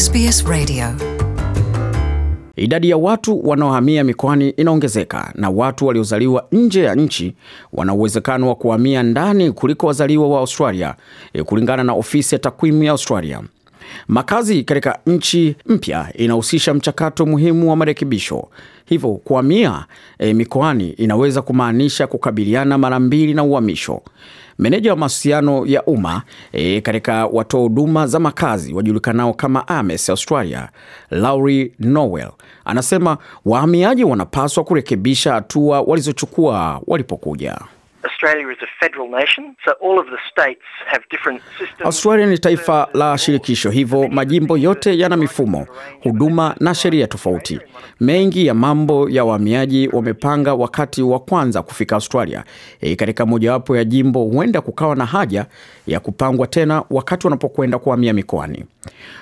SBS Radio. Idadi ya watu wanaohamia mikoani inaongezeka na watu waliozaliwa nje ya nchi wana uwezekano wa kuhamia ndani kuliko wazaliwa wa Australia, eh, kulingana na ofisi ya takwimu ya Australia. Makazi katika nchi mpya inahusisha mchakato muhimu wa marekebisho, hivyo kuhamia e, mikoani inaweza kumaanisha kukabiliana mara mbili na uhamisho. Meneja wa mahusiano ya umma e, katika watoa huduma za makazi wajulikanao kama AMES Australia, Lauri Nowell anasema wahamiaji wanapaswa kurekebisha hatua walizochukua walipokuja. Australia ni taifa la shirikisho, hivyo majimbo yote yana mifumo, huduma na sheria tofauti. Mengi ya mambo ya wahamiaji wamepanga wakati wa kwanza kufika Australia. E, katika mojawapo ya jimbo huenda kukawa na haja ya kupangwa tena wakati wanapokwenda kuhamia mikoani.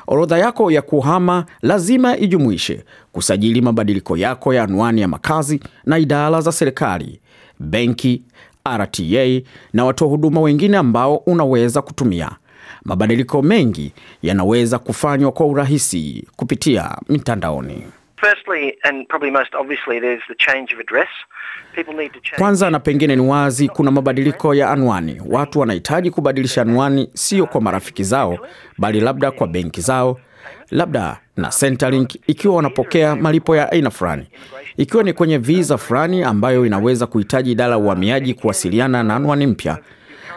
Orodha yako ya kuhama lazima ijumuishe kusajili mabadiliko yako ya anwani ya makazi na idara za serikali, benki RTA na watoa huduma wengine ambao unaweza kutumia. Mabadiliko mengi yanaweza kufanywa kwa urahisi kupitia mitandaoni. Kwanza na pengine ni wazi, kuna mabadiliko ya anwani. Watu wanahitaji kubadilisha anwani, sio kwa marafiki zao, bali labda kwa benki zao labda na Centrelink ikiwa wanapokea malipo ya aina fulani, ikiwa ni kwenye visa fulani ambayo inaweza kuhitaji idara ya uhamiaji kuwasiliana na anwani mpya.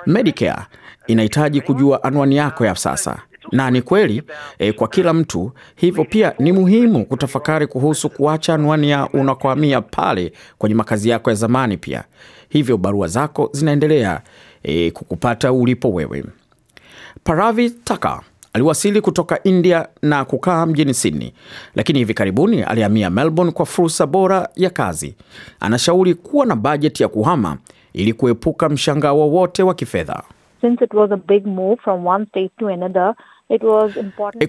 Medicare inahitaji kujua anwani yako ya sasa na ni kweli e, kwa kila mtu. Hivyo pia ni muhimu kutafakari kuhusu kuacha anwani ya unakohamia pale kwenye makazi yako ya zamani. Pia hivyo barua zako zinaendelea e, kukupata ulipo wewe. Paravi Taka Aliwasili kutoka India na kukaa mjini Sydney, lakini hivi karibuni alihamia Melbourne kwa fursa bora ya kazi. Anashauri kuwa na bajeti ya kuhama ili kuepuka mshangao wowote wa kifedha.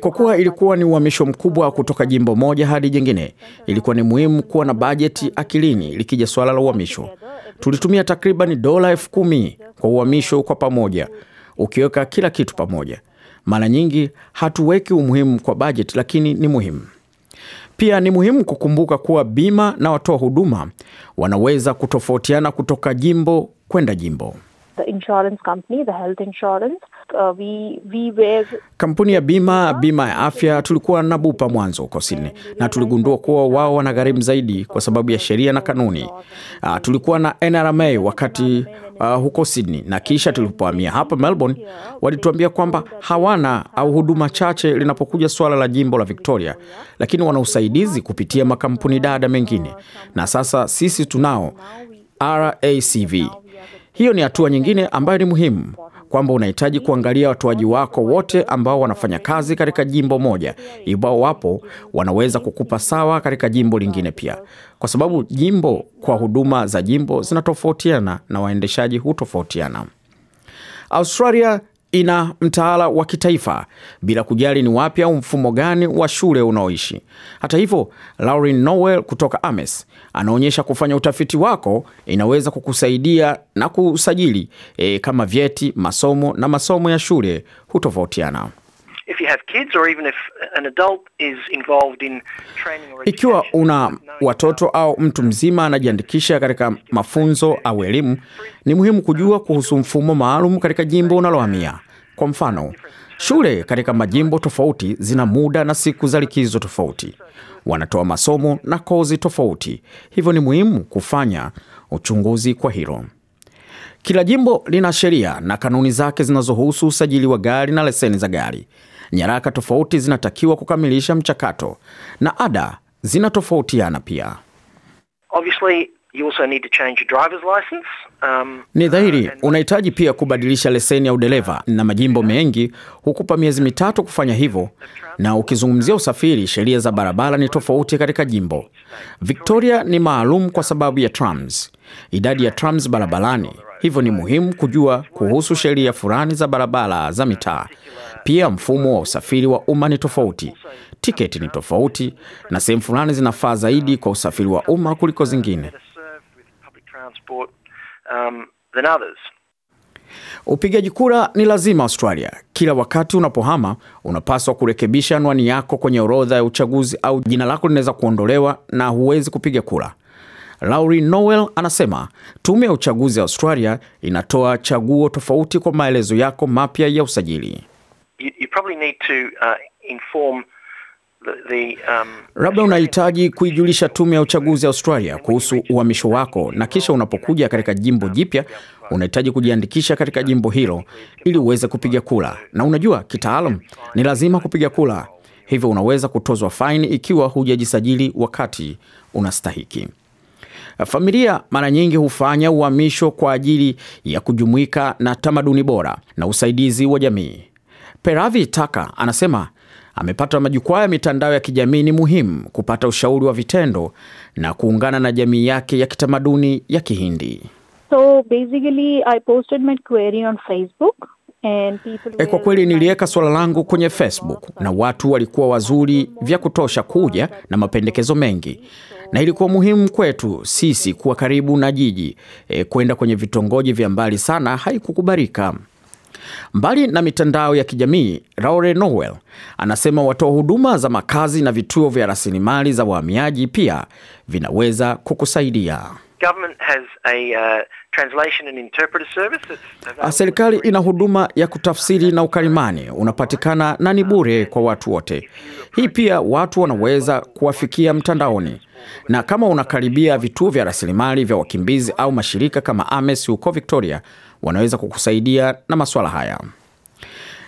Kwa kuwa ilikuwa ni uhamisho mkubwa kutoka jimbo moja hadi jingine, ilikuwa ni muhimu kuwa na bajeti akilini likija swala la uhamisho. Tulitumia takriban dola elfu kumi kwa uhamisho kwa pamoja, ukiweka kila kitu pamoja. Mara nyingi hatuweki umuhimu kwa bajeti, lakini ni muhimu. Pia ni muhimu kukumbuka kuwa bima na watoa huduma wanaweza kutofautiana kutoka jimbo kwenda jimbo. The insurance company, the health insurance, Uh, kampuni ya bima bima ya afya tulikuwa na bupa mwanzo huko Sydney, na tuligundua kuwa wao wana gharimu zaidi kwa sababu ya sheria na kanuni. Uh, tulikuwa na NRMA wakati uh, huko Sydney, na kisha tulipohamia hapa Melbourne walituambia kwamba hawana au huduma chache linapokuja suala la jimbo la Victoria, lakini wana usaidizi kupitia makampuni dada mengine, na sasa sisi tunao RACV. Hiyo ni hatua nyingine ambayo ni muhimu kwamba unahitaji kuangalia watoaji wako wote ambao wanafanya kazi katika jimbo moja, ibao wapo wanaweza kukupa sawa katika jimbo lingine pia, kwa sababu jimbo kwa huduma za jimbo zinatofautiana na waendeshaji hutofautiana. Australia ina mtaala wa kitaifa bila kujali ni wapi au mfumo gani wa shule unaoishi. Hata hivyo, Lauren noel kutoka Ames anaonyesha kufanya utafiti wako inaweza kukusaidia na kusajili e, kama vyeti, masomo na masomo ya shule hutofautiana. Ikiwa una watoto au mtu mzima anajiandikisha katika mafunzo au elimu, ni muhimu kujua kuhusu mfumo maalum katika jimbo unalohamia. Kwa mfano, shule katika majimbo tofauti zina muda na siku za likizo tofauti, wanatoa masomo na kozi tofauti, hivyo ni muhimu kufanya uchunguzi kwa hilo. Kila jimbo lina sheria na kanuni zake zinazohusu usajili wa gari na leseni za gari. Nyaraka tofauti zinatakiwa kukamilisha mchakato na ada zinatofautiana pia. Um, ni dhahiri unahitaji pia kubadilisha leseni ya udereva na majimbo mengi hukupa miezi mitatu kufanya hivyo. Na ukizungumzia usafiri, sheria za barabara ni tofauti katika jimbo. Victoria ni maalum kwa sababu ya trams, idadi ya trams barabarani. Hivyo ni muhimu kujua kuhusu sheria fulani za barabara za mitaa. Pia mfumo wa usafiri wa umma ni tofauti, tiketi ni tofauti, na sehemu fulani zinafaa zaidi kwa usafiri wa umma kuliko zingine. Upigaji kura ni lazima Australia. Kila wakati unapohama, unapaswa kurekebisha anwani yako kwenye orodha ya uchaguzi au jina lako linaweza kuondolewa na huwezi kupiga kura. Lauri Noel anasema tume ya uchaguzi ya Australia inatoa chaguo tofauti kwa maelezo yako mapya ya usajili probably need to uh, inform um, labda unahitaji kuijulisha tume ya uchaguzi Australia kuhusu uhamisho wako, na kisha unapokuja katika jimbo jipya unahitaji kujiandikisha katika jimbo hilo ili uweze kupiga kula na unajua kitaalam ni lazima kupiga kula hivyo unaweza kutozwa faini ikiwa hujajisajili wakati unastahiki. Familia mara nyingi hufanya uhamisho kwa ajili ya kujumuika na tamaduni bora na usaidizi wa jamii. Peravi Taka anasema amepata majukwaa ya mitandao ya kijamii ni muhimu kupata ushauri wa vitendo na kuungana na jamii yake ya kitamaduni ya Kihindi. So basically I posted my query on Facebook. E, kwa kweli niliweka swala langu kwenye Facebook na watu walikuwa wazuri vya kutosha kuja na mapendekezo mengi, na ilikuwa muhimu kwetu sisi kuwa karibu na jiji. E, kwenda kwenye vitongoji vya mbali sana haikukubalika. Mbali na mitandao ya kijamii, raure Nowell anasema watoa huduma za makazi na vituo vya rasilimali za wahamiaji pia vinaweza kukusaidia. Uh, ah, serikali ina huduma ya kutafsiri na ukalimani, unapatikana na ni bure kwa watu wote. Hii pia watu wanaweza kuwafikia mtandaoni, na kama unakaribia vituo vya rasilimali vya wakimbizi au mashirika kama AMES huko Victoria wanaweza kukusaidia na masuala haya.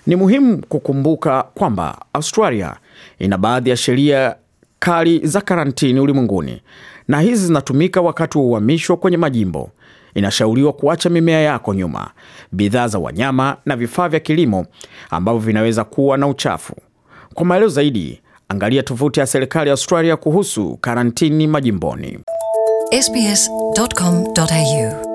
Ni muhimu kukumbuka kwamba Australia ina baadhi ya sheria kali za karantini ulimwenguni, na hizi zinatumika wakati wa uhamisho kwenye majimbo. Inashauriwa kuacha mimea yako nyuma, bidhaa za wanyama na vifaa vya kilimo ambavyo vinaweza kuwa na uchafu. Kwa maelezo zaidi, angalia tovuti ya serikali ya Australia kuhusu karantini majimboni. SBS.com.au